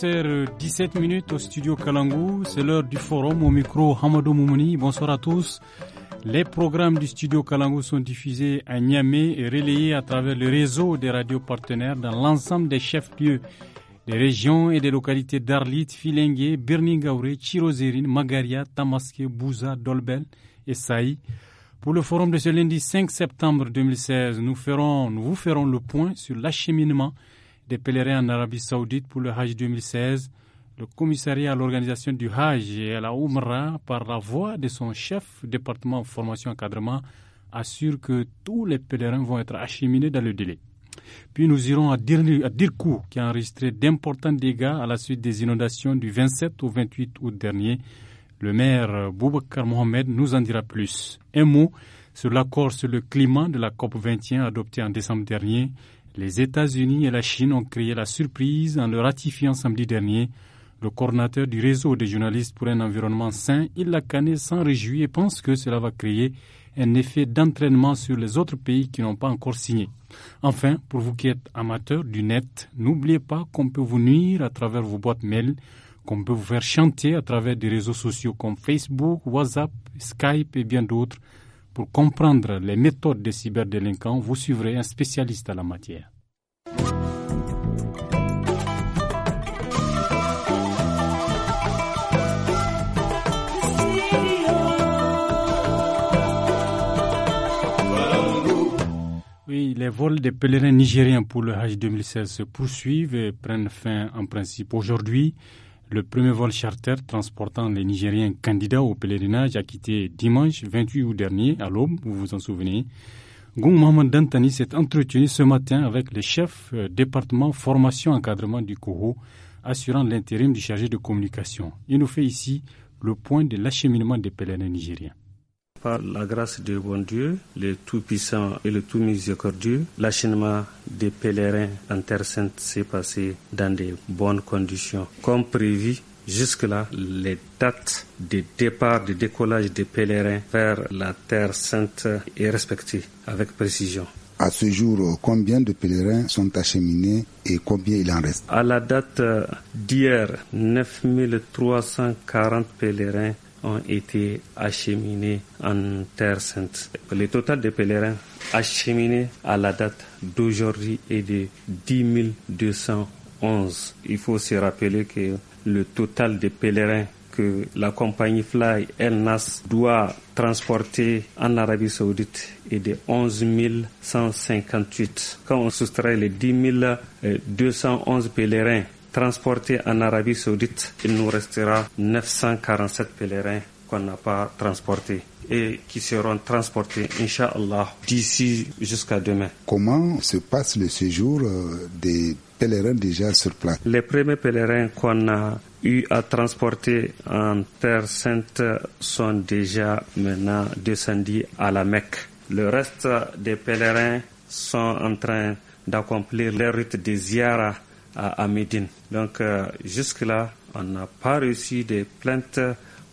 17 minutes au studio Kalangou. C'est l'heure du forum au micro Hamadou Moumouni. Bonsoir à tous. Les programmes du studio Kalangou sont diffusés à Niamey et relayés à travers le réseau des radios partenaires dans l'ensemble des chefs-lieux des régions et des localités d'Arlit, Filengue, Birningaure, Chirozérine, Magaria, Tamaské, Bouza, Dolbel et Saï. Pour le forum de ce lundi 5 septembre 2016, nous, ferons, nous vous ferons le point sur l'acheminement des pèlerins en Arabie saoudite pour le Hajj 2016, le commissariat à l'organisation du Hajj et à la Oumra, par la voix de son chef département formation encadrement, assure que tous les pèlerins vont être acheminés dans le délai. Puis nous irons à, Dir, à Dirkou, qui a enregistré d'importants dégâts à la suite des inondations du 27 au 28 août dernier. Le maire euh, Boubakar Mohamed nous en dira plus. Un mot sur l'accord sur le climat de la COP 21 adopté en décembre dernier les États-Unis et la Chine ont créé la surprise en le ratifiant samedi dernier. Le coordinateur du réseau des journalistes pour un environnement sain, il l'a canné sans réjouit et pense que cela va créer un effet d'entraînement sur les autres pays qui n'ont pas encore signé. Enfin, pour vous qui êtes amateurs du net, n'oubliez pas qu'on peut vous nuire à travers vos boîtes mail, qu'on peut vous faire chanter à travers des réseaux sociaux comme Facebook, WhatsApp, Skype et bien d'autres. Pour comprendre les méthodes des cyberdélinquants, vous suivrez un spécialiste à la matière. Oui, les vols des pèlerins nigériens pour le Hajj 2016 se poursuivent et prennent fin en principe aujourd'hui. Le premier vol charter transportant les Nigériens candidats au pèlerinage a quitté dimanche 28 août dernier à l'aube, vous vous en souvenez. Gung Mohamed Dantani s'est entretenu ce matin avec le chef euh, département formation encadrement du Coho, assurant l'intérim du chargé de communication. Il nous fait ici le point de l'acheminement des pèlerins nigériens. Par la grâce de bon Dieu, le Tout-Puissant et le Tout-Miséricordieux, l'acheminement des pèlerins en Terre Sainte s'est passé dans de bonnes conditions. Comme prévu, jusque-là, les dates de départ, de décollage des pèlerins vers la Terre Sainte est respectée avec précision. À ce jour, combien de pèlerins sont acheminés et combien il en reste À la date d'hier, 9340 pèlerins ont été acheminés en Terre Sainte. Le total des pèlerins acheminés à la date d'aujourd'hui est de 10 211. Il faut se rappeler que le total des pèlerins que la compagnie Fly El Nas doit transporter en Arabie Saoudite est de 11 158. Quand on soustrait les 10 211 pèlerins transportés en Arabie Saoudite, il nous restera 947 pèlerins qu'on n'a pas transportés et qui seront transportés, Inch'Allah, d'ici jusqu'à demain. Comment se passe le séjour euh, des pèlerins déjà sur place Les premiers pèlerins qu'on a eu à transporter en Terre Sainte sont déjà maintenant descendus à la Mecque. Le reste des pèlerins sont en train d'accomplir les rites des ziyaras à, à Médine. Donc euh, jusque-là, on n'a pas reçu des plaintes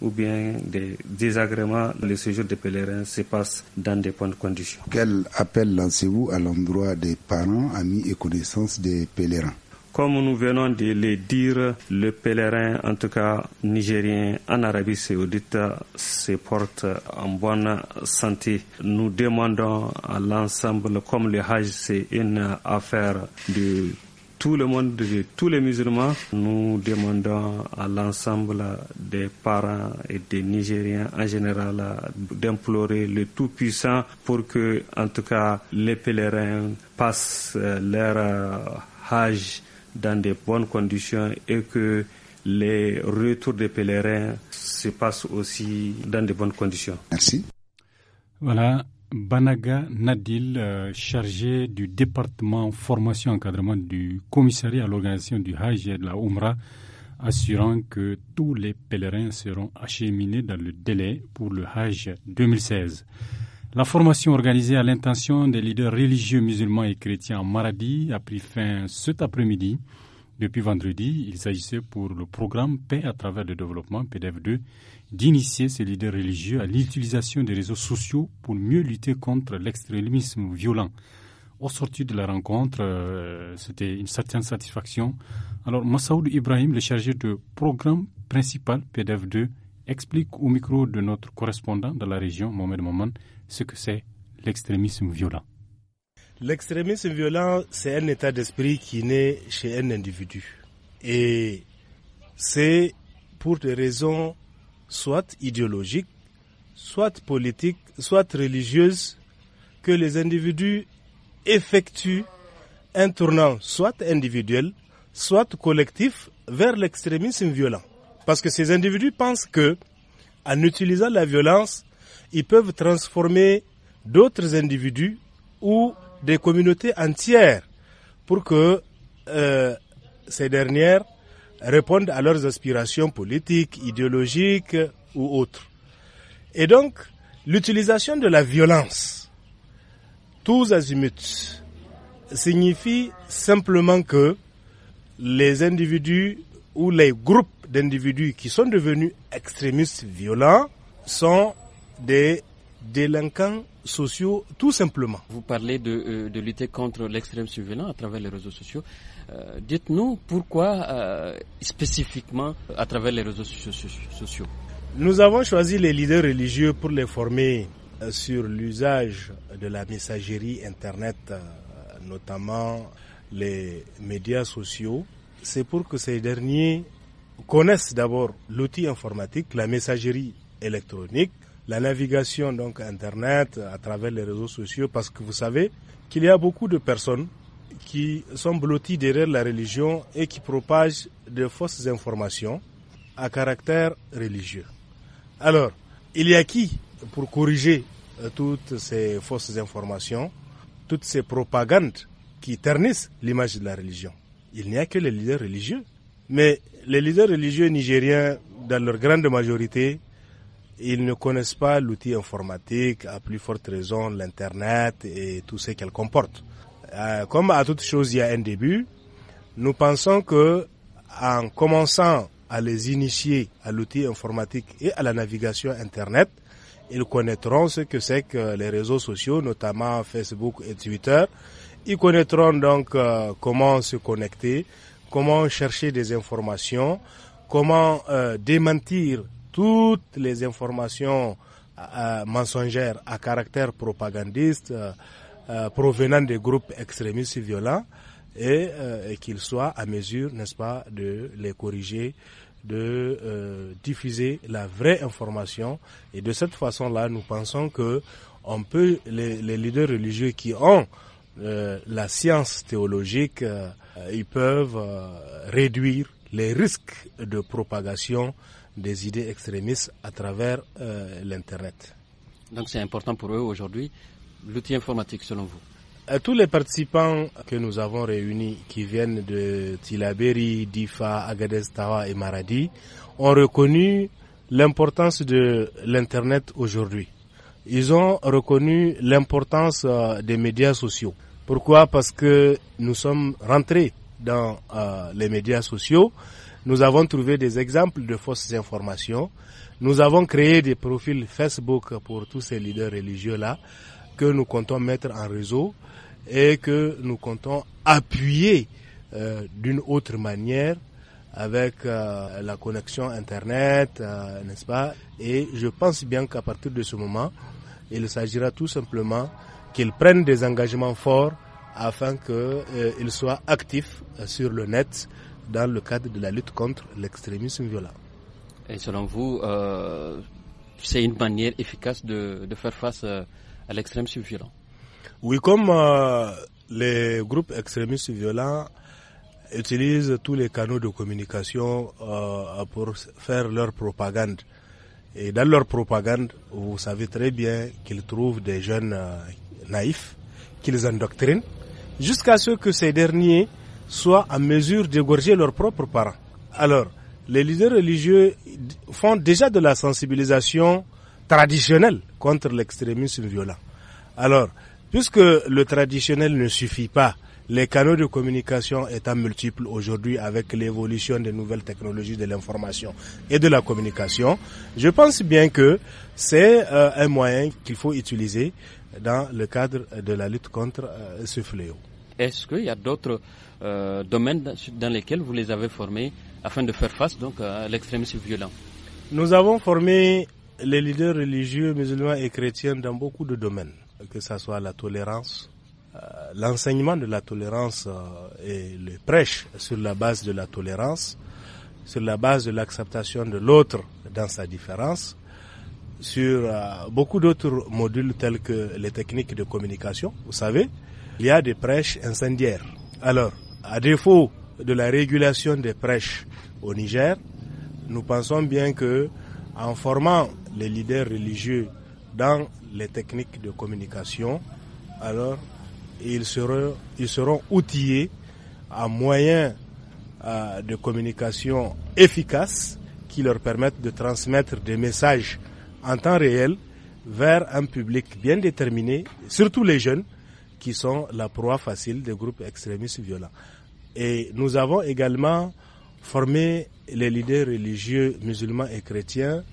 ou bien des désagréments, le séjour des pèlerins se passe dans des bonnes conditions. Quel appel lancez-vous à l'endroit des parents, amis et connaissances des pèlerins comme nous venons de le dire, le pèlerin, en tout cas nigérien, en Arabie saoudite, se porte en bonne santé. Nous demandons à l'ensemble, comme le Hajj, c'est une affaire du tout le monde tous les musulmans, nous demandons à l'ensemble des parents et des Nigériens en général d'implorer le Tout-Puissant pour que, en tout cas, les pèlerins passent euh, leur euh, âge dans de bonnes conditions et que les retours des pèlerins se passent aussi dans de bonnes conditions. Merci. Voilà, Banaga Nadil, euh, chargé du département formation encadrement du commissariat à l'organisation du Hajj et de la Oumra, assurant que tous les pèlerins seront acheminés dans le délai pour le Hajj 2016. La formation organisée à l'intention des leaders religieux musulmans et chrétiens en Maradi a pris fin cet après-midi depuis vendredi, il s'agissait pour le programme Paix à travers le développement PDF2 d'initier ces leaders religieux à l'utilisation des réseaux sociaux pour mieux lutter contre l'extrémisme violent. Au sortir de la rencontre, euh, c'était une certaine satisfaction. Alors, Massaoud Ibrahim, le chargé de programme principal PDF2, explique au micro de notre correspondant de la région, Mohamed Maman, ce que c'est l'extrémisme violent. L'extrémisme violent, c'est un état d'esprit qui naît chez un individu. Et c'est pour des raisons soit idéologiques, soit politiques, soit religieuses, que les individus effectuent un tournant soit individuel, soit collectif vers l'extrémisme violent. Parce que ces individus pensent que, en utilisant la violence, ils peuvent transformer d'autres individus ou des communautés entières pour que euh, ces dernières répondent à leurs aspirations politiques, idéologiques ou autres. Et donc, l'utilisation de la violence, tous azimuts, signifie simplement que les individus ou les groupes d'individus qui sont devenus extrémistes violents sont des délinquants sociaux, tout simplement. Vous parlez euh, de, lutter contre l'extrême surveillance à travers les réseaux sociaux. Euh, dites-nous pourquoi euh, spécifiquement à travers les réseaux sociaux. Nous avons choisi les leaders religieux pour les former sur l'usage de la messagerie Internet, notamment les médias sociaux. C'est pour que ces derniers connaissent d'abord l'outil informatique, la messagerie électronique, la navigation donc Internet, à travers les réseaux sociaux, parce que vous savez qu'il y a beaucoup de personnes qui sont blotties derrière la religion et qui propagent de fausses informations à caractère religieux. Alors, il y a qui pour corriger euh, toutes ces fausses informations, toutes ces propagandes qui ternissent l'image de la religion Il n'y a que les leaders religieux. Mais les leaders religieux nigériens, dans leur grande majorité, ils ne connaissent pas l'outil informatique, à plus forte raison l'Internet et tout ce qu'elle comporte. Euh, comme à toute chose, il y a un début. Nous pensons que en commençant à les initier à l'outil informatique et à la navigation Internet, ils connaîtront ce que c'est que les réseaux sociaux, notamment Facebook et Twitter. Ils connaîtront donc euh, comment se connecter, comment chercher des informations, comment euh, démentir toutes les informations euh, euh, mensongères à caractère propagandiste euh, provenant des groupes extrémistes violents et, et qu'ils soient à mesure, n'est-ce pas, de les corriger de diffuser la vraie information et de cette façon-là, nous pensons que on peut les, leaders religieux qui ont la science théologique, ils peuvent réduire les risques de propagation des idées extrémistes à travers euh, l'Internet. Donc c'est important pour eux aujourd'hui, l'outil informatique selon vous à euh, tous les participants que nous avons réunis qui viennent de Tilaberi, Difa, Agadez, Tawa et Maradi ont reconnu l'importance de l'Internet aujourd'hui. Ils ont reconnu l'importance euh, des médias sociaux. Pourquoi Parce que nous sommes rentrés dans les médias sociaux nous avons trouvé des exemples de fausses informations. Nous avons créé des profils Facebook pour tous ces leaders religieux-là que nous comptons mettre en réseau et que nous comptons appuyer euh, d'une autre manière avec euh, la connexion Internet, euh, n'est-ce pas Et je pense bien qu'à partir de ce moment, il s'agira tout simplement qu'ils prennent des engagements forts afin qu'ils soient actifs sur le net dans le cadre de la lutte contre l'extrémisme violent. Et selon vous, euh, c'est une manière efficace de, faire face euh, à l'extrémisme violent Oui, comme euh, les groupes extrémistes violents utilisent tous les canaux de communication pour faire leur propagande. Et dans leur propagande, vous savez très bien qu'ils trouvent des jeunes naïfs, qu'ils endoctrinent, jusqu'à ce que ces derniers soient en mesure d'égorger leurs propres parents. Alors, les leaders religieux font déjà de la sensibilisation traditionnelle contre l'extrémisme violent. Alors, puisque le traditionnel ne suffit pas, les canaux de communication étant multiples aujourd'hui avec l'évolution des nouvelles technologies de l'information et de la communication, je pense bien que c'est euh, un moyen qu'il faut utiliser dans le cadre de la lutte contre euh, ce fléau. Est-ce qu'il y a d'autres euh, domaines dans lesquels vous les avez formés afin de faire face donc à l'extrémisme violent Nous avons formé les leaders religieux, musulmans et chrétiens dans beaucoup de domaines, que ce soit la tolérance, euh, l'enseignement de la tolérance euh, et le prêche sur la base de la tolérance, sur la base de l'acceptation de l'autre dans sa différence, sur beaucoup d'autres modules tels que les techniques de communication. Vous savez, il y a des prêches incendiaires. Alors, à défaut de la régulation des prêches au Niger, nous pensons bien que en formant les leaders religieux dans les techniques de communication, alors ils seront, ils seront outillés à moyens euh, de communication efficaces qui leur permettent de transmettre des messages en temps réel vers un public bien déterminé, surtout les jeunes, qui sont la proie facile des groupes extrémistes violents. Et nous avons également formé les leaders religieux musulmans et chrétiens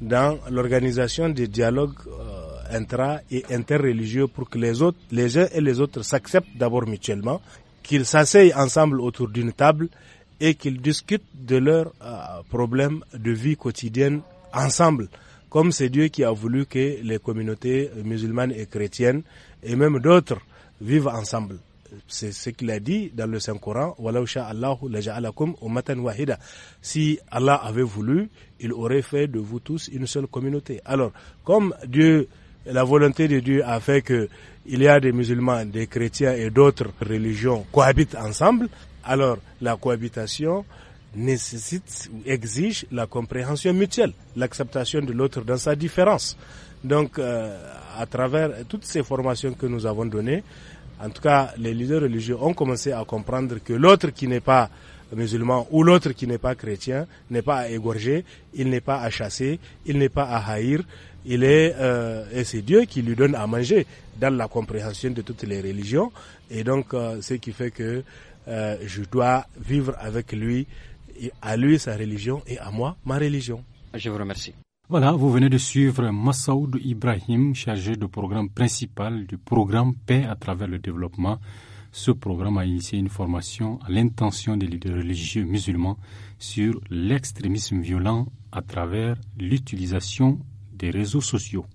dans l'organisation des dialogues euh, intra et interreligieux pour que les uns et les autres s'acceptent d'abord mutuellement, qu'ils s'asseyent ensemble autour d'une table et qu'ils discutent de leurs euh, problèmes de vie quotidienne ensemble comme c'est Dieu qui a voulu que les communautés musulmanes et chrétiennes et même d'autres vivent ensemble. C'est ce qu'il a dit dans le Saint-Coran, wahida. Si Allah avait voulu, il aurait fait de vous tous une seule communauté. Alors, comme Dieu, la volonté de Dieu a fait que il y a des musulmans, des chrétiens et d'autres religions cohabitent ensemble, alors la cohabitation nécessite ou exige la compréhension mutuelle, l'acceptation de l'autre dans sa différence. Donc, euh, à travers toutes ces formations que nous avons données, en tout cas, les leaders religieux ont commencé à comprendre que l'autre qui n'est pas musulman ou l'autre qui n'est pas chrétien n'est pas à égorger, il n'est pas à chasser, il n'est pas à haïr. Il est, euh, et c'est Dieu qui lui donne à manger dans la compréhension de toutes les religions. Et donc, euh, ce qui fait que je dois vivre avec lui à lui sa religion et à moi ma religion. Je vous remercie. Voilà, vous venez de suivre Massoud Ibrahim, chargé de programme principal du programme Paix à travers le développement. Ce programme a initié une formation à l'intention des leaders religieux musulmans sur l'extrémisme violent à travers l'utilisation des réseaux sociaux.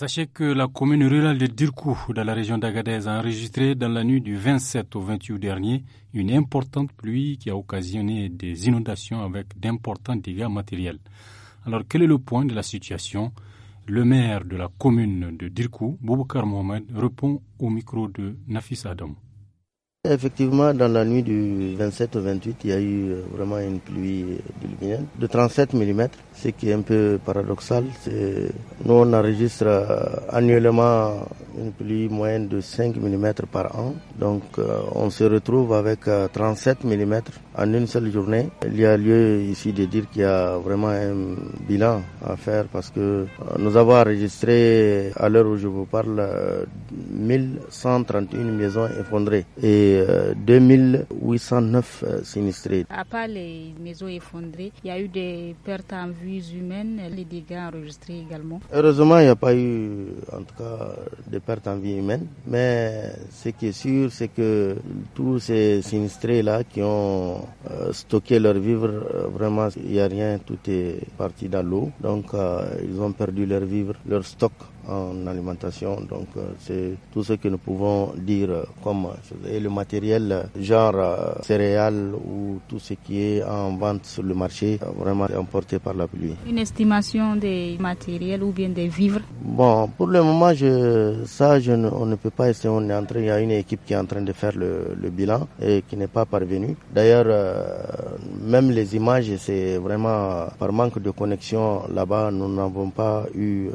Sachez que la commune rurale de Dirkou, dans la région d'Agadez, a enregistré dans la nuit du 27 au 28 dernier une importante pluie qui a occasionné des inondations avec d'importants dégâts matériels. Alors, quel est le point de la situation Le maire de la commune de Dirkou, Boubacar Mohamed, répond au micro de Nafis Adam. Effectivement, dans la nuit du 27 au 28, il y a eu euh, vraiment une pluie diluvienne de 37 mm, ce qui est un peu paradoxal. c'est Nous, on enregistre euh, annuellement une pluie moyenne de 5 mm par an. Donc, euh, on se retrouve avec 37 mm en une seule journée. Il y a lieu ici de dire qu'il y a vraiment un bilan à faire parce que nous avons enregistré, à l'heure où je vous parle, 1131 maisons effondrées. Et 2809 euh, euh, sinistrés. À part les maisons effondrées, il y a eu des pertes en vies humaines, les dégâts enregistrés également. Heureusement, il n'y a pas eu, en tout cas, de pertes en vie humaine. Mais ce qui est sûr, c'est que tous ces sinistrés-là qui ont euh, stocké leurs vivres, vraiment, il n'y a rien, tout est parti dans l'eau. Donc, ils ont perdu leurs vivres, leur stock en alimentation. Donc euh, c'est tout ce que nous pouvons dire comme et le matériel genre euh, céréales ou tout ce qui est en vente sur le marché euh, vraiment emporté par la pluie. Une estimation des matériels ou bien des vivres Bon, pour le moment, je, ça, on ne peut pas essayer On est en il y a une équipe qui est en train de faire le, bilan et qui n'est pas parvenue. D'ailleurs, même les images, c'est vraiment par manque de connexion là-bas, nous n'avons pas eu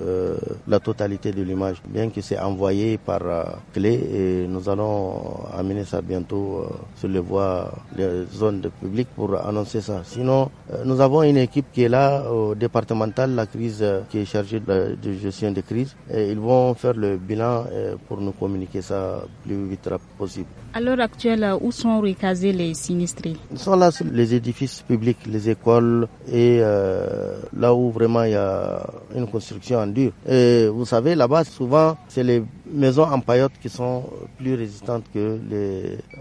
la totalité de l'image. Bien que c'est envoyé par euh, clé, et nous allons amener ça bientôt euh, sur les voies, les zones de public pour annoncer ça. Sinon, euh, nous avons une équipe qui est là au départemental, la crise qui est chargée de, gestion des crises. Et ils vont faire le bilan pour nous communiquer ça plus vite possible. À l'heure actuelle, où sont recasés les sinistrés Ils sont là les édifices publics, les écoles et euh, là où vraiment il y a une construction en dur. Et vous savez, là-bas, souvent, c'est les maisons en paillotte qui sont plus résistantes que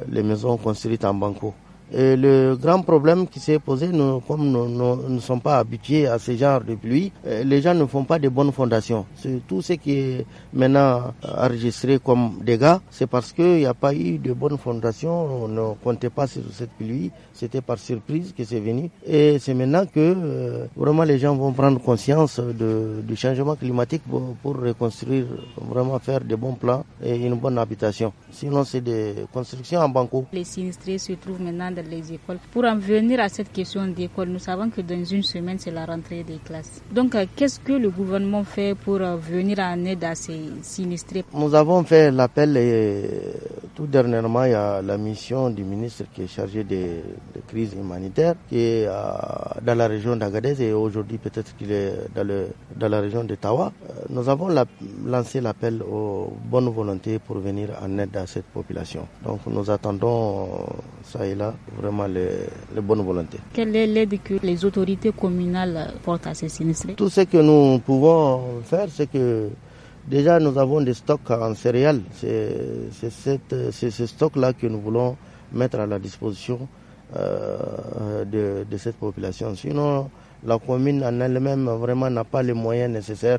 les maisons construites en banco. Euh, le grand problème qui s'est posé, nous, comme nous, ne sommes pas habitués à ce genre de pluie, euh, les gens ne font pas de bonnes fondations. Tout ce qui est maintenant enregistré comme dégâts, c'est parce qu'il n'y a pas eu de bonnes fondations. On ne comptait pas sur cette pluie. C'était par surprise que c'est venu. Et c'est maintenant que euh, vraiment les gens vont prendre conscience du changement climatique pour, reconstruire, vraiment faire des bons plans et une bonne habitation. Sinon, c'est des constructions en banco. Les sinistrés se trouvent maintenant dans les écoles. Pour en venir à cette question d'école, nous savons que dans une semaine, c'est la rentrée des classes. Donc, euh, qu'est-ce que le gouvernement fait pour euh, venir en aide à ces sinistrés Nous avons fait l'appel et euh, tout dernièrement, il la mission du ministre qui est chargé des, crises humanitaires qui est dans la région d'Agadez et aujourd'hui peut-être qu'il est dans, la région de Tawa. Nous avons lancé l'appel aux bonnes volontés pour venir en aide à cette population. Donc nous attendons ça et là vraiment les, les bonnes volontés. Quelle est l'aide que les autorités communales portent à ces sinistrés Tout ce que nous pouvons faire, c'est que déjà nous avons des stocks en céréales. C'est ce stock-là que nous voulons mettre à la disposition euh, de, cette population. Sinon, la commune en elle-même vraiment n'a pas les moyens nécessaires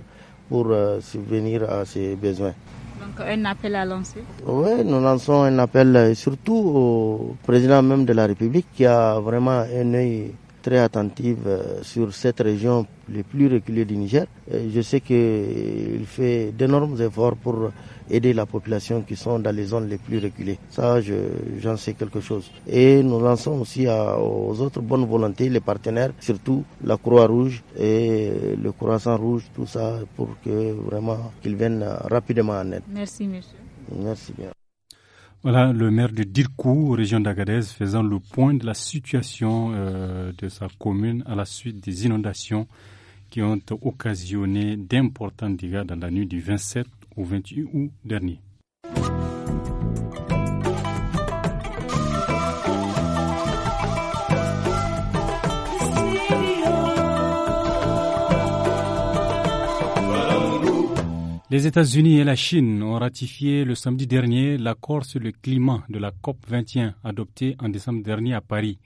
pour euh, subvenir à ses besoins. Donc un appel à lancer Oui, nous lançons un appel euh, surtout au président même de la République qui a vraiment un œil très attentive euh, sur cette région les plus reculées du Niger. Je sais qu'il euh, fait d'énormes efforts pour aider la population qui sont dans les zones les plus reculées. Ça, j'en sais quelque chose. Et nous lançons aussi aux autres bonnes volontés, les partenaires, surtout la Croix-Rouge et euh, le Croissant Rouge, tout ça, pour que vraiment qu'ils viennent rapidement en aide. Merci, monsieur. Merci bien. Voilà le maire de Dirkou, région d'Agadez, faisant le point de la situation euh, de sa commune à la suite des inondations qui ont occasionné d'importants dégâts dans la nuit du 27 au 28 août dernier. Les États-Unis et la Chine ont ratifié le samedi dernier l'accord sur le climat de la COP 21 adopté en décembre dernier à Paris.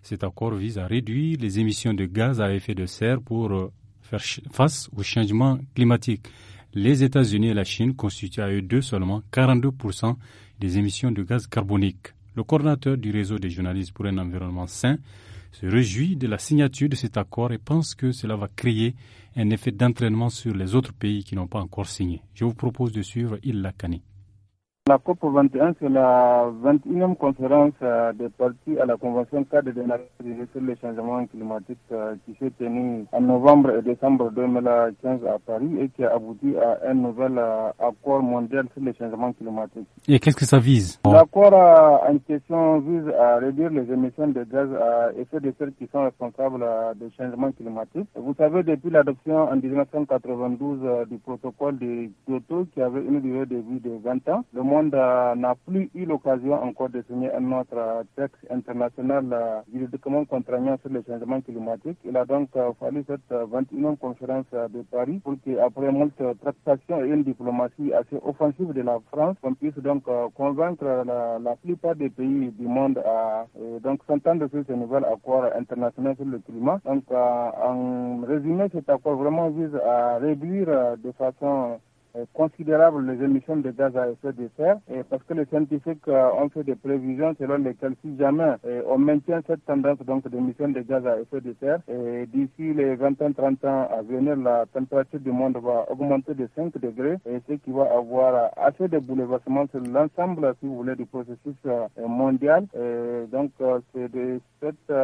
Cet accord vise à réduire les émissions de gaz à effet de serre pour euh, faire face au changement climatique. Les États-Unis et la Chine constituent à eux deux seulement 42% des émissions de gaz carbonique. Le coordinateur du réseau des journalistes pour un environnement sain se réjouit de la signature de cet accord et pense que cela va créer un effet d'entraînement sur les autres pays qui n'ont pas encore signé. Je vous propose de suivre Illa Kani. La COP21, c'est la 21e conférence euh, des parties à la Convention cadre de Unies sur les changements climatiques euh, qui s'est tenue en novembre et décembre 2015 à Paris et qui a abouti à un nouvel euh, accord mondial sur les changements climatiques. Et qu'est-ce que ça vise L'accord en question vise à réduire les émissions de gaz à effet de serre qui sont responsables des changements climatiques. Vous savez, depuis l'adoption en 1992 du protocole de Kyoto qui avait une durée de vie de 20 ans, le monde euh, n'a plus eu l'occasion encore de signer un autre euh, texte international juridiquement euh, contraignant sur le changement climatique. Il a donc fallu cette 21e conférence de Paris pour qu'après autre tractation et une diplomatie assez offensive de la France, on puisse donc convaincre la, plupart des pays du monde à donc s'entendre sur ce nouvel accord international sur le climat. Donc en résumé, cet accord vraiment vise à réduire de façon euh, considérable les émissions de gaz à effet de serre et parce que les scientifiques euh, ont fait des prévisions selon lesquelles si jamais euh, on maintient cette tendance donc d'émissions de gaz à effet de serre et d'ici les 20 ans, 30 ans à venir, la température du monde va augmenter de 5 degrés et ce qui va avoir assez de bouleversements sur l'ensemble, si vous voulez, du processus mondial. donc c'est de cette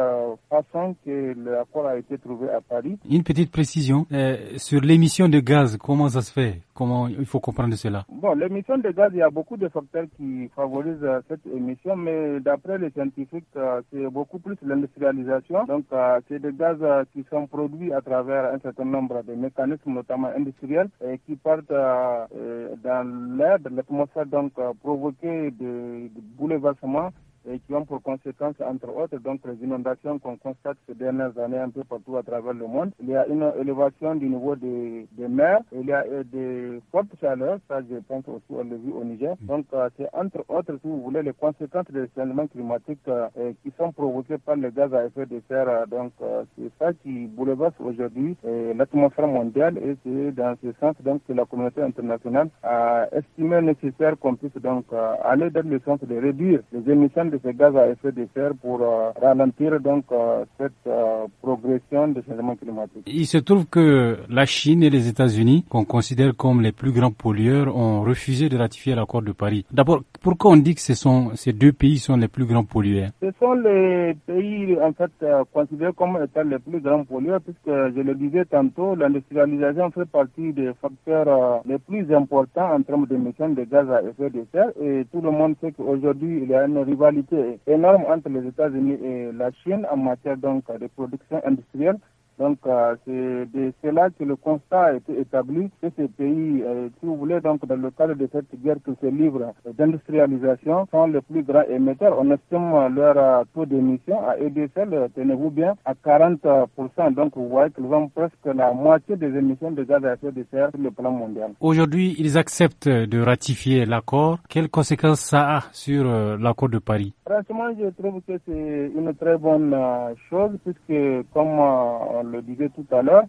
façon que l'accord a été trouvé à Paris. Une petite précision sur l'émission de gaz, comment ça se fait Comment il faut comprendre cela. Bon, l'émission de gaz, il y a beaucoup de facteurs qui favorisent euh, cette émission, mais d'après les scientifiques, euh, c'est beaucoup plus l'industrialisation. Donc, euh, c'est des gaz qui sont produits à travers un certain nombre de mécanismes, notamment industriels, et qui partent dans l'air, dans l'atmosphère, donc provoquer des bouleversements et qui ont pour conséquence, entre autres, donc les inondations qu'on constate ces dernières années un peu partout à travers le monde. Il y a une élévation du niveau des, des mers, il y a euh, des fortes chaleurs, ça je pense aussi on l'a vu au Niger. Mm. Donc euh, c'est entre autres, si vous voulez, les conséquences des changements climatiques euh, qui sont provoqués par les gaz à effet de serre. Donc c'est ça qui bouleverse aujourd'hui l'atmosphère mondiale et c'est dans ce sens donc que la communauté internationale a estimé nécessaire qu'on puisse donc aller dans le sens de réduire les émissions de ces gaz à effet de serre pour euh, ralentir donc euh, cette euh, progression des changements climatiques. Il se trouve que la Chine et les États-Unis, qu'on considère comme les plus grands pollueurs, ont refusé de ratifier l'accord de Paris. D'abord, pourquoi on dit que ce sont, ces deux pays sont les plus grands pollueurs Ce sont les pays en fait considérés comme étant les plus grands pollueurs puisque je le disais tantôt, l'industrialisation fait partie des facteurs les plus importants en termes d'émissions de gaz à effet de serre et tout le monde sait qu'aujourd'hui il y a une rivalité énorme entre les États-Unis et la Chine en matière donc de production industrielle. Donc euh, c'est là que le constat a été établi que ces pays, euh, si vous voulez, donc dans le cadre de cette guerre tous ces livres d'industrialisation, sont les plus grands émetteurs. On estime euh, leur taux d'émission à tenez-vous bien, à 40%. Donc vous voyez qu'ils ont presque la moitié des émissions de gaz à effet de serre sur le plan mondial. Aujourd'hui, ils acceptent de ratifier l'accord. Quelles conséquences ça a sur l'accord de Paris Franchement, je trouve que c'est une très bonne chose puisque comme on le disait tout à l'heure,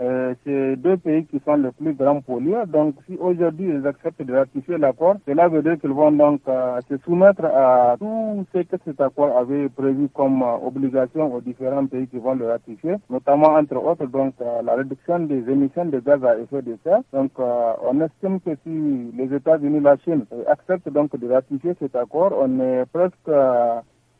euh, c'est deux pays qui sont les plus grands pollueurs. Donc, si aujourd'hui ils acceptent de ratifier l'accord, cela veut dire qu'ils vont donc euh, se soumettre à tout ce que cet accord avait prévu comme euh, obligation aux différents pays qui vont le ratifier, notamment entre autres donc euh, la réduction des émissions de gaz à effet de serre. Donc, on estime que si les États-Unis, la Chine acceptent donc de ratifier cet accord, on est presque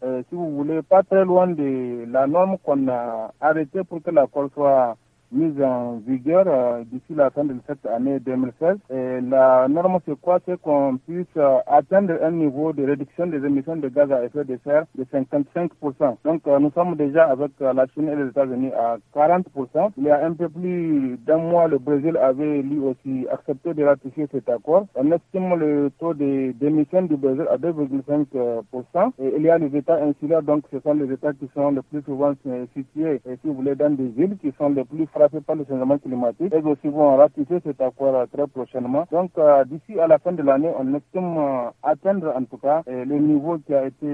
euh, si vous voulez, pas très loin de la norme qu'on a arrêtée pour que la l'accord soit mise en vigueur euh, d'ici la fin de cette année 2016. Et la norme, se quoi C'est qu'on puisse euh, atteindre un niveau de réduction des émissions de gaz à effet de serre de 55%. Donc, euh, nous sommes déjà avec la Chine et les États-Unis à 40%. Il y a un peu plus d'un mois, le Brésil avait lui aussi accepté de ratifier cet accord. On estime le taux d'émission du Brésil à 2,5%. Et il y a les États insulaires, donc ce sont les États qui sont le plus souvent situés, et si vous voulez, dans des villes qui sont les plus par le changement climatique, et aussi vont ratifier cet accord très prochainement. Donc euh, d'ici à la fin de l'année, on estime euh, atteindre en tout cas euh, le niveau qui a été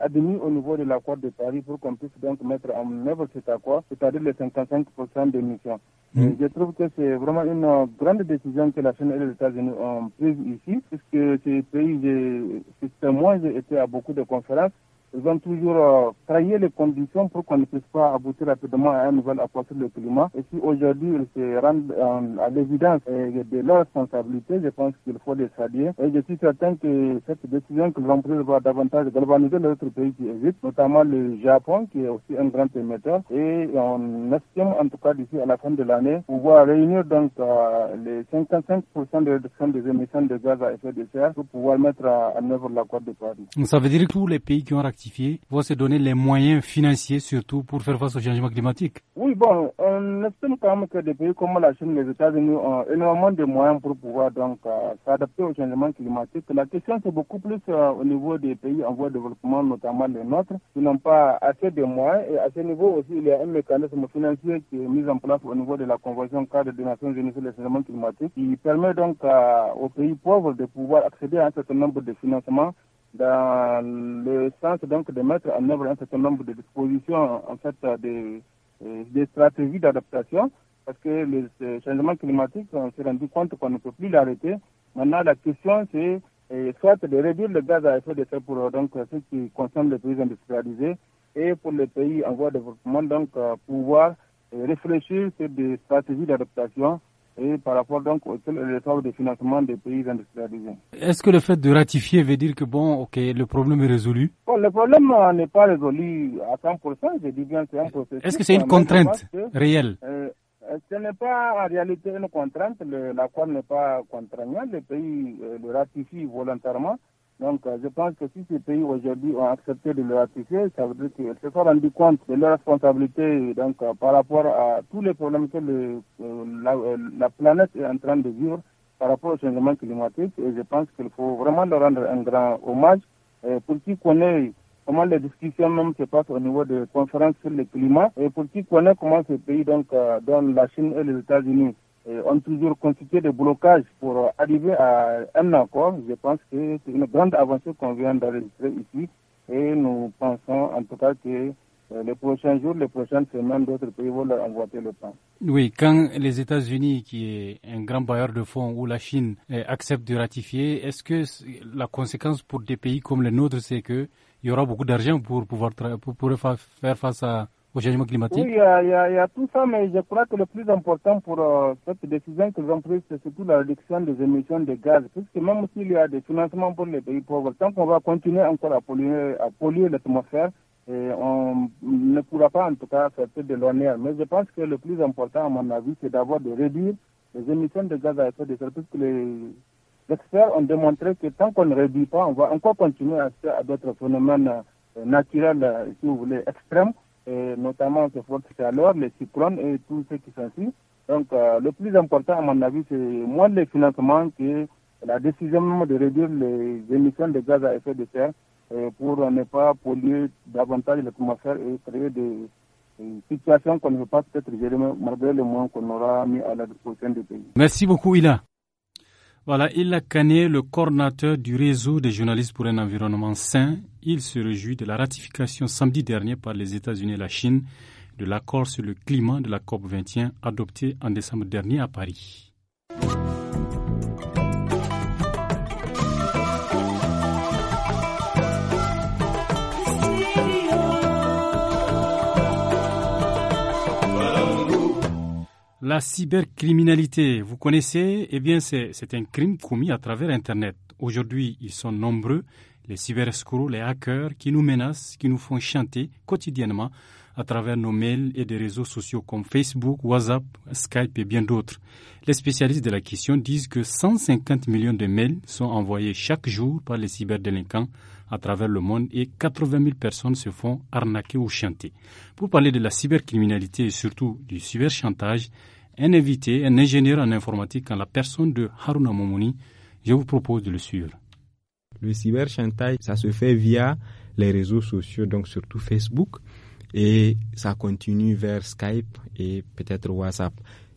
admis au niveau de l'accord de Paris pour qu'on puisse donc mettre en œuvre cet accord, c'est-à-dire les 55% d'émissions. Mmh. Je trouve que c'est vraiment une grande décision que la Chine et les États-Unis ont prise ici, puisque ces pays, c'est moi, j'ai été à beaucoup de conférences ils ont toujours euh, les conditions pour qu'on ne puisse pas aboutir rapidement à un nouvel accord sur le climat. Et si aujourd'hui ils se rendent euh, à l'évidence de leur responsabilité, je pense qu'il faut les saluer. Et je suis certain que cette décision qu'ils vont prendre va davantage galvaniser d'autres pays qui existent, notamment le Japon qui est aussi un grand émetteur. Et on estime en tout cas d'ici à la fin de l'année pouvoir réunir donc euh, les 55% de réduction des émissions de gaz à effet de serre pour pouvoir mettre euh, en œuvre l'accord de Paris. Ça veut dire que tous les pays qui ont vont se donner les moyens financiers surtout pour faire face au changement climatique Oui, bon, on estime quand même que des pays comme la Chine, les États-Unis ont énormément de moyens pour pouvoir donc euh, s'adapter au changement climatique. La question c'est beaucoup plus euh, au niveau des pays en voie de développement, notamment les nôtres, qui n'ont pas assez de moyens. Et à ce niveau aussi, il y a un mécanisme financier qui est mis en place au niveau de la Convention cadre des Nations Unies sur le changement climatique qui permet donc euh, aux pays pauvres de pouvoir accéder à un certain nombre de financements dans le sens donc de mettre en œuvre un certain nombre de dispositions, en fait, des, euh, stratégies d'adaptation, parce que le changement climatique, on s'est rendu compte qu'on ne peut plus l'arrêter. Maintenant, la question, c'est euh, soit de réduire le gaz à effet de serre pour donc, ceux qui concernent les pays industrialisés et pour les pays en voie de développement, donc euh, pouvoir réfléchir sur des stratégies d'adaptation et par rapport donc aux retour de financement des pays industrialisés. Est-ce que le fait de ratifier veut dire que bon, ok, le problème est résolu Le problème euh, n'est pas résolu à 100%, je dis bien c'est un processus. Est-ce que c'est une contrainte réelle euh, ce n'est pas en réalité une contrainte, La l'accord n'est pas contraignant, les pays euh, le ratifient volontairement donc, euh, je pense que si ces pays aujourd'hui ont accepté de le ratifier, ça veut dire qu'ils se sont rendus compte de leur responsabilité donc, euh, par rapport à tous les problèmes que euh, la, planète est en train de vivre par rapport au changement climatique. Et je pense qu'il faut vraiment leur rendre un grand hommage. pour qui connaît comment les discussions même se passent au niveau des conférences sur le climat et pour qui connaît comment ces pays, donc, dont la Chine et les États-Unis, ont toujours constitué des blocages pour arriver à un accord. Je pense que c'est une grande avancée qu'on vient d'enregistrer ici et nous pensons en tout cas que euh, les prochains jours, les prochaines semaines, d'autres pays vont leur emboîter le pas. Oui, quand les États-Unis, qui est un grand bailleur de fonds, ou la Chine euh, acceptent de ratifier, est-ce que la conséquence pour des pays comme le nôtre, c'est qu'il y aura beaucoup d'argent pour pouvoir pour, pour faire face à, au changement climatique Oui, il y, a, tout ça, mais je crois que le plus important pour euh, cette décision qu'ils ont prise, c'est surtout la réduction des émissions de gaz, puisque même s'il y a des financements pour les pays pauvres, tant qu'on va continuer encore à polluer, à polluer l'atmosphère, et on ne pourra pas en tout cas faire de l'honneur. Mais je pense que le plus important, à mon avis, c'est d'avoir de réduire les émissions de gaz à effet de serre, puisque les experts ont démontré que tant qu'on ne réduit pas, on va encore continuer à, à d'autres phénomènes euh, naturels, euh, si vous voulez, extrêmes, notamment ce à l'heure les cyclones et tout ce qui s'ensuit. Donc, euh, le plus important, à mon avis, c'est moins le financement que la décision de réduire les émissions de gaz à effet de serre euh, pour ne pas polluer davantage l'atmosphère et créer des, situations qu'on ne veut pas peut-être gérer malgré le moins qu'on aura mis à la disposition du pays. Merci beaucoup, Ila. Voilà, il a Kané, le coordinateur du réseau des journalistes pour un environnement sain, il se réjouit de la ratification samedi dernier par les États-Unis et la Chine de l'accord sur le climat de la COP 21 adopté en décembre dernier à Paris. La cybercriminalité, vous connaissez Eh bien, c'est un crime commis à travers Internet. Aujourd'hui, ils sont nombreux, les cyberescrocs, les hackers, qui nous menacent, qui nous font chanter quotidiennement à travers nos mails et des réseaux sociaux comme Facebook, WhatsApp, Skype et bien d'autres. Les spécialistes de la question disent que 150 millions de mails sont envoyés chaque jour par les cyberdélinquants à travers le monde et 80 000 personnes se font arnaquer ou chanter. Pour parler de la cybercriminalité et surtout du cyberchantage, un invité, un ingénieur en informatique en la personne de Haruna Momouni, je vous propose de le suivre. Le cyberchantage, ça se fait via les réseaux sociaux, donc surtout Facebook, et ça continue vers Skype et peut-être WhatsApp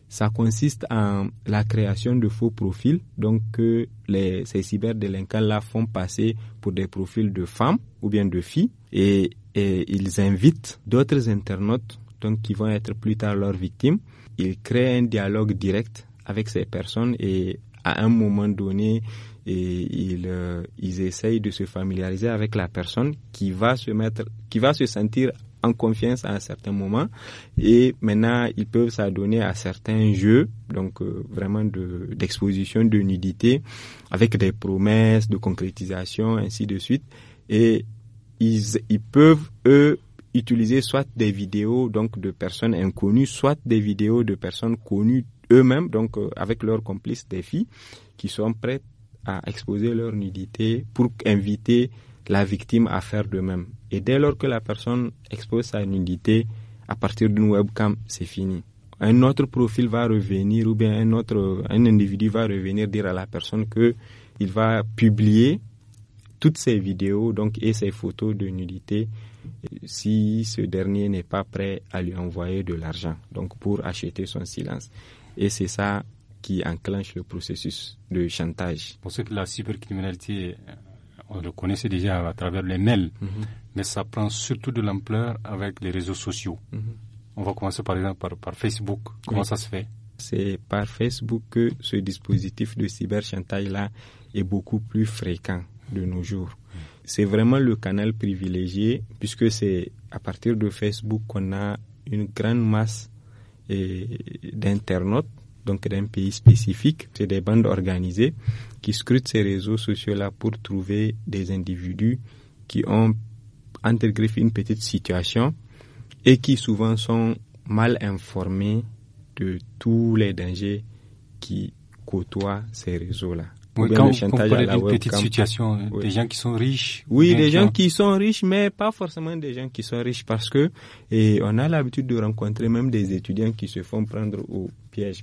ça consiste en la création de faux profils, donc que les, ces cyberdélinquants-là font passer pour des profils de femmes ou bien de filles, et, ils invitent d'autres internautes, donc qui vont être plus tard leurs victimes. Ils créent un dialogue direct avec ces personnes et à un moment donné, ils, euh, ils essayent de se familiariser avec la personne qui va se mettre, qui va se sentir en confiance à un certain moment et maintenant ils peuvent s'adonner à certains jeux donc euh, vraiment de d'exposition de nudité avec des promesses de concrétisation ainsi de suite et ils ils peuvent eux utiliser soit des vidéos donc de personnes inconnues soit des vidéos de personnes connues eux-mêmes donc euh, avec leurs complices des filles qui sont prêtes à exposer leur nudité pour inviter la victime à faire de même. Et dès lors que la personne expose sa nudité, à partir d'une webcam, c'est fini. Un autre profil va revenir ou bien un autre un individu va revenir dire à la personne que il va publier toutes ses vidéos donc et ses photos de nudité si ce dernier n'est pas prêt à lui envoyer de l'argent donc pour acheter son silence et c'est ça qui enclenche le processus de chantage. Pour ce que la supercriminalité on le connaissait déjà à travers les mails, mhm. mais ça prend surtout de l'ampleur avec les réseaux sociaux. Mhm. On va commencer par exemple par, Facebook. Comment ça se fait C'est par Facebook que ce dispositif de cyberchantage-là est beaucoup plus fréquent de nos jours. Mm. C'est vraiment le canal privilégié puisque c'est à partir de Facebook qu'on a une grande masse d'internautes donc d'un pays spécifique. C'est des bandes organisées qui scrutent ces réseaux sociaux-là pour trouver des individus qui ont intégré une petite situation et qui souvent sont mal informés de tous les dangers qui côtoient ces réseaux-là. Euh, oui, quand vous parlez d'une petite situation, des gens qui sont riches. Oui, des gens qui sont riches, mais pas forcément des gens qui sont riches parce que et on a l'habitude de rencontrer même des étudiants qui se font prendre au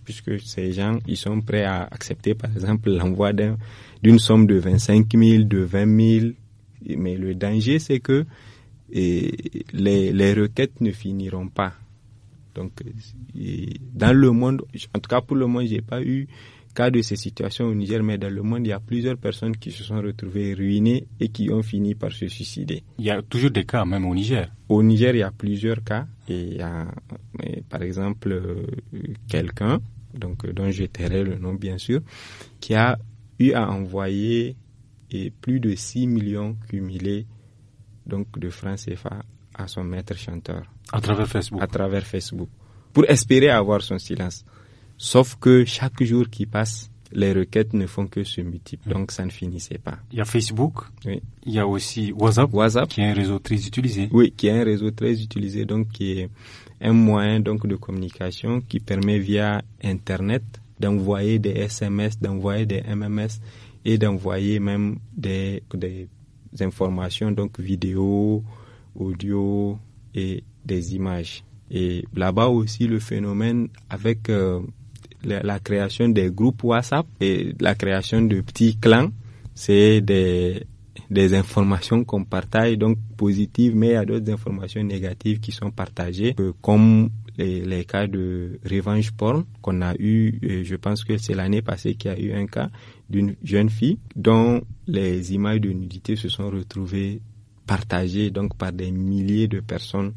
puisque ces gens, ils sont prêts à accepter, par exemple, l'envoi d'une somme de 25 000, de 20 000. Mais le danger, c'est que les, les requêtes ne finiront pas. Donc, dans le monde, en tout cas pour le moment, j'ai pas eu cas de ces situations au Niger, mais dans le monde, il y a plusieurs personnes qui se sont retrouvées ruinées et qui ont fini par se suicider. Il y a toujours des cas, même au Niger. Au Niger, il y a plusieurs cas. Et par exemple, euh, quelqu'un, donc euh, dont je tairai le nom bien sûr, qui a eu à envoyer et plus de 6 millions cumulés donc de francs CFA à son maître chanteur. À travers Facebook. À travers Facebook. Pour espérer avoir son silence. Sauf que chaque jour qui passe, les requêtes ne font que se multiplier, mm. donc ça ne finissait pas. Il y a Facebook, oui. il y a aussi WhatsApp, WhatsApp, qui est un réseau très utilisé. Oui, qui est un réseau très utilisé, donc qui est un moyen donc de communication qui permet via Internet d'envoyer des SMS, d'envoyer des MMS et d'envoyer même des, informations, donc vidéo, audio et des images. Et là-bas aussi, le phénomène avec... Euh, la, création des groupes WhatsApp et la création de petits clans. C'est des des informations qu'on partage, donc positives, mais il y a d'autres informations négatives qui sont partagées, euh, comme les, cas de revenge porn qu'on a eu, je pense que c'est l'année passée qu'il y a eu un cas d'une jeune fille dont les images de nudité se sont retrouvées partagées donc par des milliers de personnes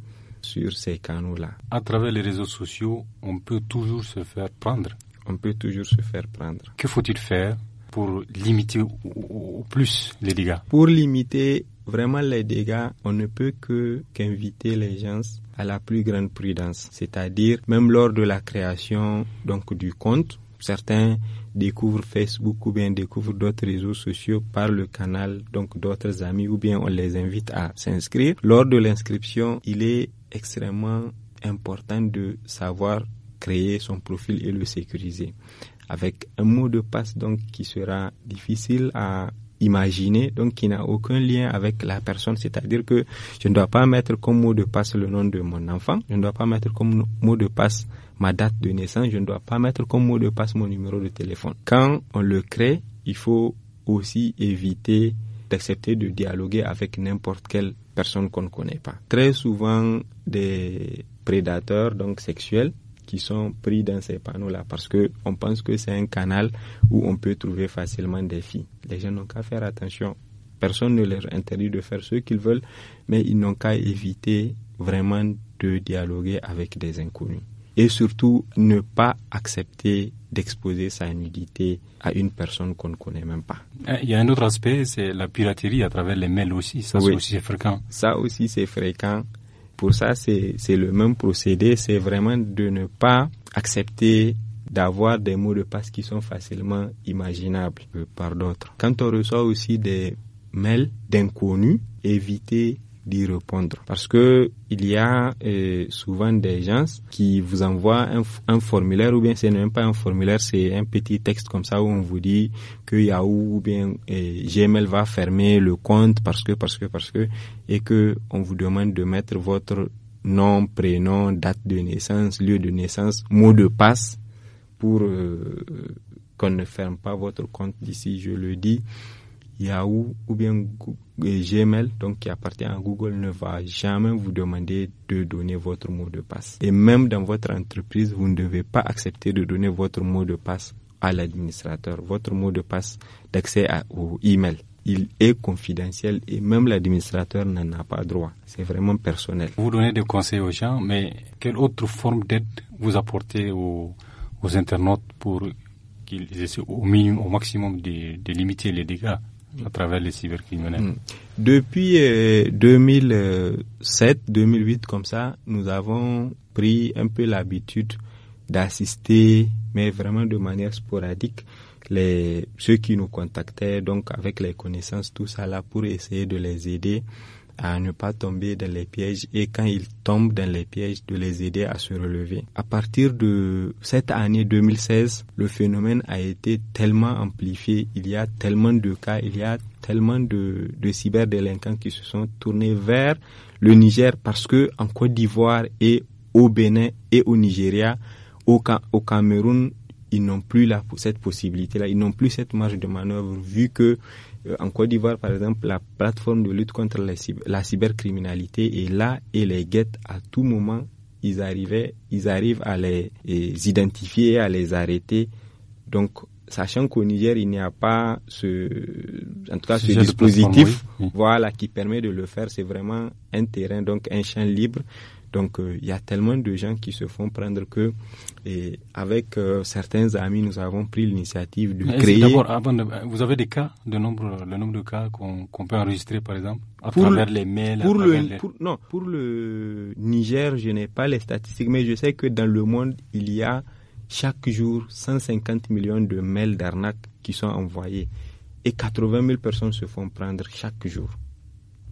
sur ces canaux-là. À travers les réseaux sociaux, on peut toujours se faire prendre. On peut toujours se faire prendre. Que faut-il faire pour limiter au plus les dégâts Pour limiter vraiment les dégâts, on ne peut que qu'inviter les gens à la plus grande prudence, c'est-à-dire même lors de la création donc du compte, certains découvrent Facebook ou bien découvrent d'autres réseaux sociaux par le canal donc d'autres amis ou bien on les invite à s'inscrire. Lors de l'inscription, il est extrêmement important de savoir créer son profil et le sécuriser. Avec un mot de passe donc qui sera difficile à imaginer, donc qui n'a aucun lien avec la personne, c'est-à-dire que je ne dois pas mettre comme mot de passe le nom de mon enfant, je ne dois pas mettre comme mot de passe ma date de naissance, je ne dois pas mettre comme mot de passe mon numéro de téléphone. Quand on le crée, il faut aussi éviter d'accepter de dialoguer avec n'importe quel personnes qu'on ne connaît pas. Très souvent des prédateurs donc sexuels qui sont pris dans ces panneaux-là parce que on pense que c'est un canal où on peut trouver facilement des filles. Les gens n'ont qu'à faire attention. Personne ne leur interdit de faire ce qu'ils veulent, mais ils n'ont qu'à éviter vraiment de dialoguer avec des inconnus. Et surtout, ne pas accepter d'exposer sa nudité à une personne qu'on ne connaît même pas. Eh, il y a un autre aspect, c'est la piraterie à travers les mails aussi. Ça aussi c'est fréquent. Ça aussi c'est fréquent. Pour ça, c'est le même procédé. C'est vraiment de ne pas accepter d'avoir des mots de passe qui sont facilement imaginables euh, par d'autres. Quand on reçoit aussi des mails d'inconnus, éviter d'y répondre. Parce que il y a euh, souvent des gens qui vous envoient un, un formulaire ou bien c'est même pas un formulaire, c'est un petit texte comme ça où on vous dit que Yahoo ou bien euh, Gmail va fermer le compte parce que parce que parce que et que on vous demande de mettre votre nom, prénom, date de naissance, lieu de naissance, mot de passe pour euh, qu'on ne ferme pas votre compte d'ici, je le dis. Yahoo ou bien eh, Gmail, donc qui appartient à Google, ne va jamais vous demander de donner votre mot de passe. Et même dans votre entreprise, vous ne devez pas accepter de donner votre mot de passe à l'administrateur, votre mot de passe d'accès au email il est confidentiel et même l'administrateur n'en a pas droit. C'est vraiment personnel. Vous donnez des conseils aux gens, mais quelle autre forme d'aide vous apportez aux, internautes pour qu'ils essaient au minimum, au maximum de limiter les dégâts à travers les cybercriminels. Hmm. Depuis 2007, euh, 2008, comme ça, nous avons pris un peu l'habitude d'assister, mais vraiment de manière sporadique, les, ceux qui nous contactaient, donc avec les connaissances, tout ça là, pour essayer de les aider à ne pas tomber dans les pièges et quand ils tombent dans les pièges, de les aider à se relever. À partir de cette année 2016, le phénomène a été tellement amplifié, il y a tellement de cas, il y a tellement de, de cyberdélinquants qui se sont tournés vers le Niger parce que en Côte d'Ivoire et au Bénin et au Nigeria, au, Cameroun, ils n'ont plus cette possibilité-là, ils n'ont plus cette marge de manœuvre vu que euh, en Côte d'Ivoire, par exemple, la plateforme de lutte contre la cybercriminalité est là et les guettes, à tout moment. Ils, arrivaient, ils arrivent à les, euh, identifier, à les arrêter. Donc, sachant qu'au Niger, il n'y a pas ce, en tout cas, ce, dispositif, voilà, qui permet de le faire. C'est vraiment un terrain, donc un champ libre. Donc euh, il y a tellement de gens qui se font prendre que, et avec euh, certains amis, nous avons pris l'initiative de créer. D'abord, vous avez des cas, de nombre, le nombre de cas qu'on peut enregistrer, par exemple, à travers les mails. Pour le, pour le Niger, je n'ai pas les statistiques, mais je sais que dans le monde, il y a chaque jour 150 millions de mails d'arnaque qui sont envoyés et 80 000 personnes se font prendre chaque jour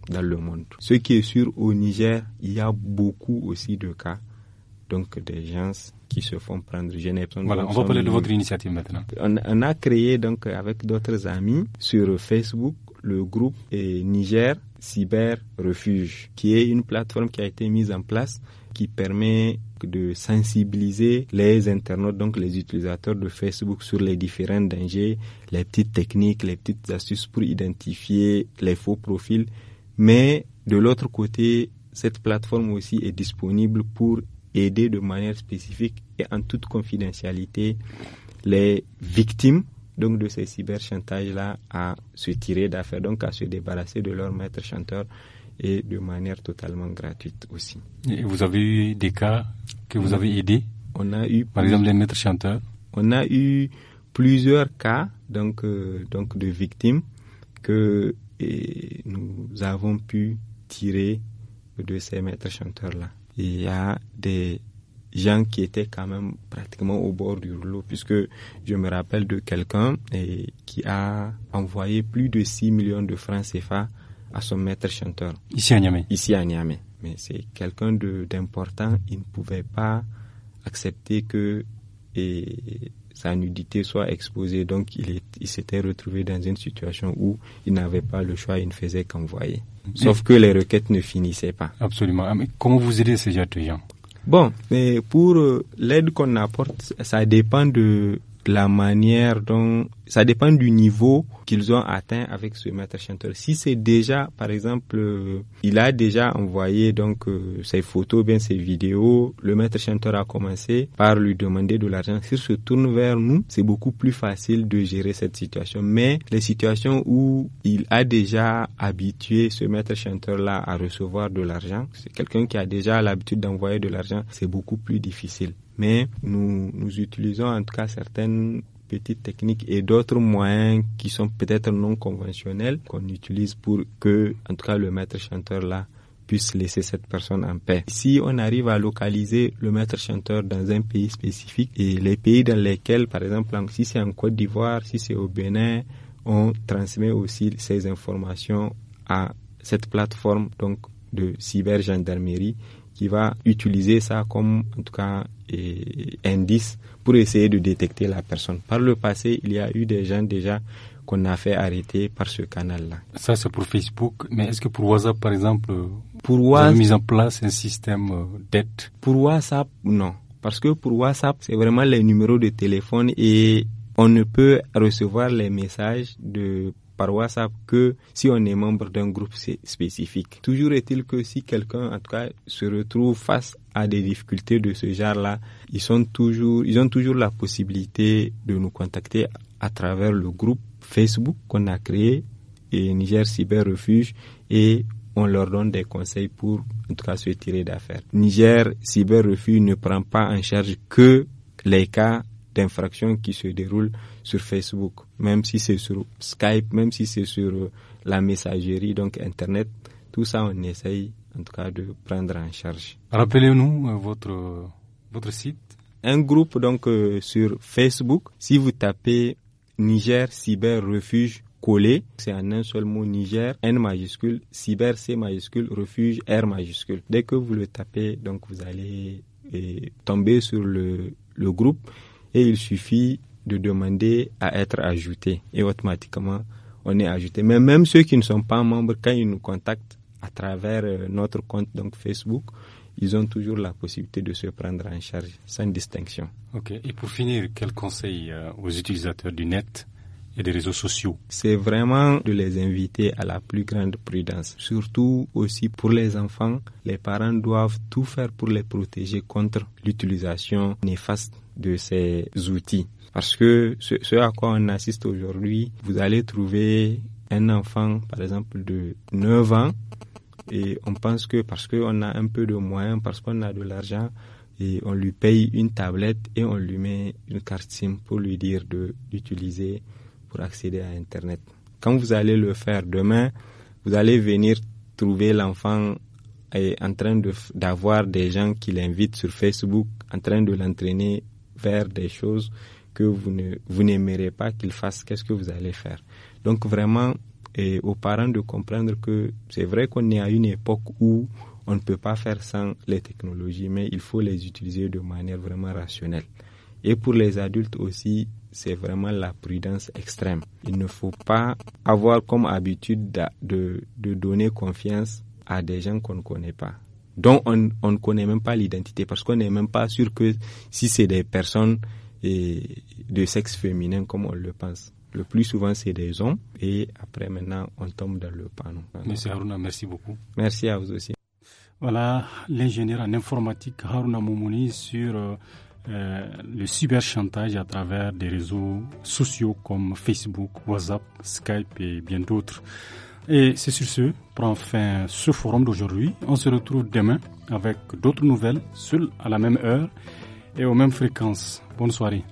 dans le monde. Ce qui est sûr, au Niger, il y a beaucoup aussi de cas, donc des gens qui se font prendre. Voilà, on va parler de votre initiative maintenant. On, a créé donc avec d'autres amis sur Facebook le groupe Niger Cyber Refuge, qui est une plateforme qui a été mise en place qui permet de sensibiliser les internautes, donc les utilisateurs de Facebook sur les différents dangers, les petites techniques, les petites astuces pour identifier les faux profils mais de l'autre côté, cette plateforme aussi est disponible pour aider de manière spécifique et en toute confidentialité les victimes donc de ces cyberchantages-là à se tirer d'affaires, donc à se débarrasser de leur maître chanteur et de manière totalement gratuite aussi. Et vous avez eu des cas que vous avez aidés On a eu par exemple les maîtres chanteurs. On a eu plusieurs cas donc euh, donc de victimes que et nous avons pu tirer de ces maîtres chanteurs-là. Il y a des gens qui étaient quand même pratiquement au bord du rouleau, puisque je me rappelle de quelqu'un qui a envoyé plus de 6 millions de francs CFA à son maître chanteur. Ici à Niamey. Ici à Niamey. Mais c'est quelqu'un d'important. Il ne pouvait pas accepter que sa nudité soit exposée. Donc il, est, il s'était retrouvé dans une situation où il n'avait pas le choix, il ne faisait qu'envoyer. Mm. Sauf que les requêtes ne finissaient pas. Absolument. Ah, mais comment vous aidez ces gens Bon, mais pour euh, l'aide qu'on apporte, ça dépend de la manière dont ça dépend du niveau qu'ils ont atteint avec ce maître chanteur. Si c'est déjà, par exemple, euh, il a déjà envoyé donc euh, ses photos, bien ses vidéos, le maître chanteur a commencé par lui demander de l'argent. S'il se tourne vers nous, c'est beaucoup plus facile de gérer cette situation. Mais les situations où il a déjà habitué ce maître chanteur là à recevoir de l'argent, c'est quelqu'un qui a déjà l'habitude d'envoyer de l'argent, c'est beaucoup plus difficile mais nous, nous utilisons en tout cas certaines petites techniques et d'autres moyens qui sont peut-être non conventionnels qu'on utilise pour que, en tout cas, le maître chanteur là puisse laisser cette personne en paix. Si on arrive à localiser le maître chanteur dans un pays spécifique et les pays dans lesquels, par exemple, si c'est en Côte d'Ivoire, si c'est au Bénin, on transmet aussi ces informations à cette plateforme donc de cybergendarmerie qui va utiliser ça comme en tout cas et indices pour essayer de détecter la personne. Par le passé, il y a eu des gens déjà qu'on a fait arrêter par ce canal-là. Ça, c'est pour Facebook, mais est-ce que pour WhatsApp, par exemple, euh, pour vous mis en place un système euh, d'aide Pour WhatsApp, non. Parce que pour WhatsApp, c'est vraiment les numéros de téléphone et on ne peut recevoir les messages de par WhatsApp que si on est membre d'un groupe spécifique. Toujours est-il que si quelqu'un, en tout cas, se retrouve face a des difficultés de ce genre-là, ils, sont toujours, ils ont toujours la possibilité de nous contacter à travers le groupe Facebook qu'on a créé, et Niger Cyber Refuge, et on leur donne des conseils pour, en tout cas, se tirer d'affaires. Niger Cyber Refuge ne prend pas en charge que les cas d'infraction qui se déroulent sur Facebook, même si c'est sur Skype, même si c'est sur la messagerie, donc Internet. Tout ça, on essaye en tout cas de prendre en charge. Rappelez-nous uh, votre, uh, votre site. Un groupe donc euh, sur Facebook. Si vous tapez Niger Cyber Refuge collé, c'est en un seul mot Niger, N majuscule, Cyber C majuscule, Refuge R majuscule. Dès que vous le tapez, donc vous allez euh, tomber sur le, le groupe et il suffit de demander à être ajouté et automatiquement on est ajouté. Mais même ceux qui ne sont pas membres, quand ils nous contactent, à travers euh, notre compte donc Facebook, ils ont toujours la possibilité de se prendre en charge sans distinction. Ok. Et pour finir, quel conseil euh, aux utilisateurs du net et des réseaux sociaux. C'est vraiment de les inviter à la plus grande prudence. Surtout aussi pour les enfants, les parents doivent tout faire pour les protéger contre l'utilisation néfaste de ces outils. Parce que ce, ce à quoi on assiste aujourd'hui, vous allez trouver un enfant, par exemple, de 9 ans et on pense que parce qu'on a un peu de moyens, parce qu'on a de l'argent, et on lui paye une tablette et on lui met une carte SIM pour lui dire d'utiliser pour accéder à Internet. Quand vous allez le faire demain, vous allez venir trouver l'enfant en train d'avoir des gens qui l'invitent sur Facebook, en train de l'entraîner vers des choses que vous ne vous n'aimerez pas qu'il fasse. Qu'est-ce que vous allez faire Donc vraiment, et aux parents de comprendre que c'est vrai qu'on est à une époque où on ne peut pas faire sans les technologies, mais il faut les utiliser de manière vraiment rationnelle. Et pour les adultes aussi, c'est vraiment la prudence extrême. Il ne faut pas avoir comme habitude de, de, donner confiance à des gens qu'on ne connaît pas, dont on, on ne connaît même pas l'identité, parce qu'on n'est même pas sûr que si c'est des personnes de sexe féminin comme on le pense. Le plus souvent, c'est des hommes. Et après, maintenant, on tombe dans le panneau. Monsieur Haruna, merci beaucoup. Merci à vous aussi. Voilà l'ingénieur en informatique Haruna Momouni sur euh, euh, le cyberchantage à travers des réseaux sociaux comme Facebook, WhatsApp, Skype et bien d'autres. Et c'est sur ce prend fin ce forum d'aujourd'hui. On se retrouve demain avec d'autres nouvelles, seules à la même heure et aux mêmes fréquences. Bonne soirée.